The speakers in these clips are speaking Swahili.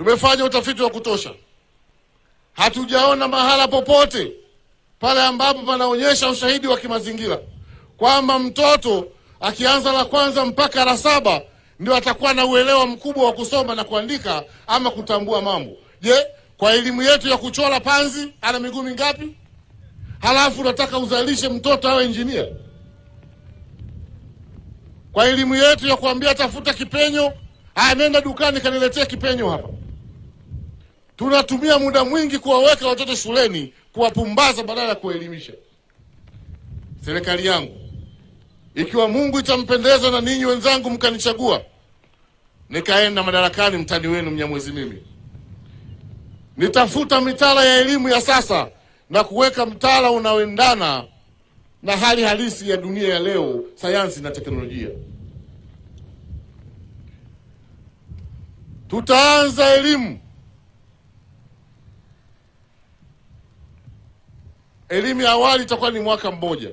Tumefanya utafiti wa kutosha, hatujaona mahala popote pale ambapo panaonyesha ushahidi wa kimazingira kwamba mtoto akianza la kwanza mpaka la saba ndio atakuwa na uelewa mkubwa wa kusoma na kuandika ama kutambua mambo. Je, kwa elimu yetu ya kuchora panzi ana miguu mingapi? Halafu unataka uzalishe mtoto awe injinia? Kwa elimu yetu ya kuambia tafuta kipenyo, anenda dukani kaniletea kipenyo hapa Tunatumia muda mwingi kuwaweka watoto shuleni kuwapumbaza badala ya kuelimisha. Serikali yangu, ikiwa Mungu itampendeza na ninyi wenzangu mkanichagua nikaenda madarakani, mtani wenu Mnyamwezi mimi, nitafuta mitaala ya elimu ya sasa na kuweka mtaala unaoendana na hali halisi ya dunia ya leo, sayansi na teknolojia. Tutaanza elimu elimu ya awali itakuwa ni mwaka mmoja.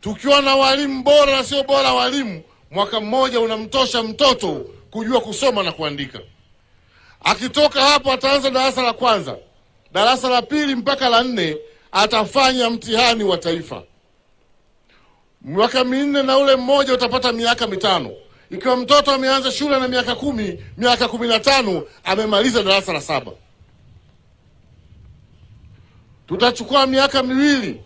Tukiwa na walimu bora na sio bora walimu, mwaka mmoja unamtosha mtoto kujua kusoma na kuandika. Akitoka hapo ataanza darasa la kwanza, darasa la pili mpaka la nne atafanya mtihani wa taifa. Mwaka minne na ule mmoja utapata miaka mitano. Ikiwa mtoto ameanza shule na miaka kumi, miaka kumi na tano amemaliza darasa la saba tutachukua miaka miwili.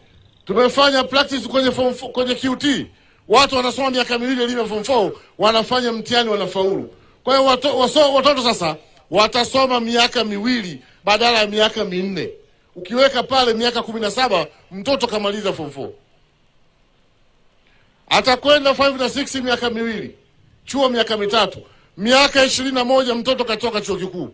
Tumefanya practice kwenye form, kwenye QT watu wanasoma miaka miwili elimu ya form 4 wanafanya mtihani wanafaulu. Kwa hiyo watoto, watoto sasa watasoma miaka miwili badala ya miaka minne. Ukiweka pale miaka kumi na saba mtoto kamaliza form 4 atakwenda 5 na 6 miaka miwili, chuo miaka mitatu, miaka ishirini na moja mtoto katoka chuo kikuu,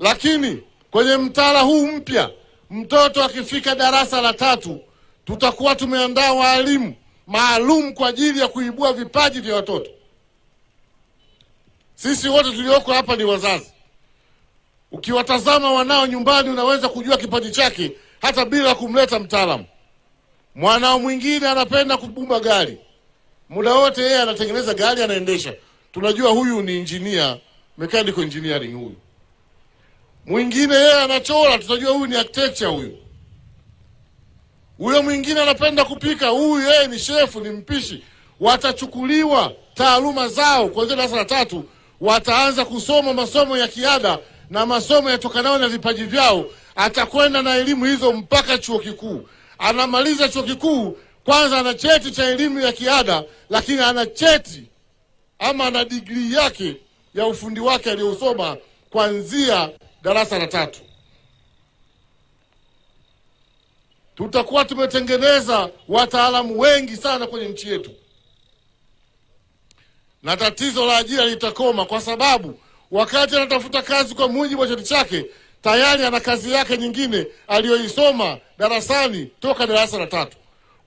lakini Kwenye mtaala huu mpya, mtoto akifika darasa la tatu, tutakuwa tumeandaa waalimu maalum kwa ajili ya kuibua vipaji vya watoto. Sisi wote tulioko hapa ni wazazi. Ukiwatazama wanao nyumbani, unaweza kujua kipaji chake hata bila kumleta mtaalamu. Mwanao mwingine anapenda kubumba gari, muda wote yeye anatengeneza gari, anaendesha. Tunajua huyu ni injinia, mechanical engineering huyu mwingine yeye anachora, tutajua huyu ni architecture huyu. Huyo mwingine anapenda kupika, huyu yeye ni shefu, ni mpishi. Watachukuliwa taaluma zao kuanzia darasa la tatu, wataanza kusoma masomo ya kiada na masomo yatokanayo na vipaji vyao. Atakwenda na elimu hizo mpaka chuo kikuu. Anamaliza chuo kikuu, kwanza ana cheti cha elimu ya kiada, lakini ana cheti ama ana digrii yake ya ufundi wake aliyosoma kuanzia darasa la tatu tutakuwa tumetengeneza wataalamu wengi sana kwenye nchi yetu, na tatizo la ajira litakoma, kwa sababu wakati anatafuta kazi kwa mujibu wa cheti chake tayari ana kazi yake nyingine aliyoisoma darasani toka darasa la tatu.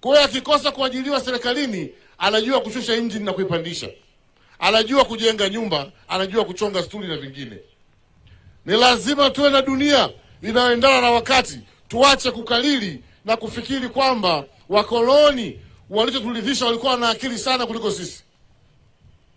Kwa hiyo akikosa kuajiliwa serikalini, anajua kushusha injini na kuipandisha, anajua kujenga nyumba, anajua kuchonga stuli na vingine. Ni lazima tuwe na dunia inayoendana na wakati, tuache kukalili na kufikiri kwamba wakoloni walichotulidhisha walikuwa na akili sana kuliko sisi.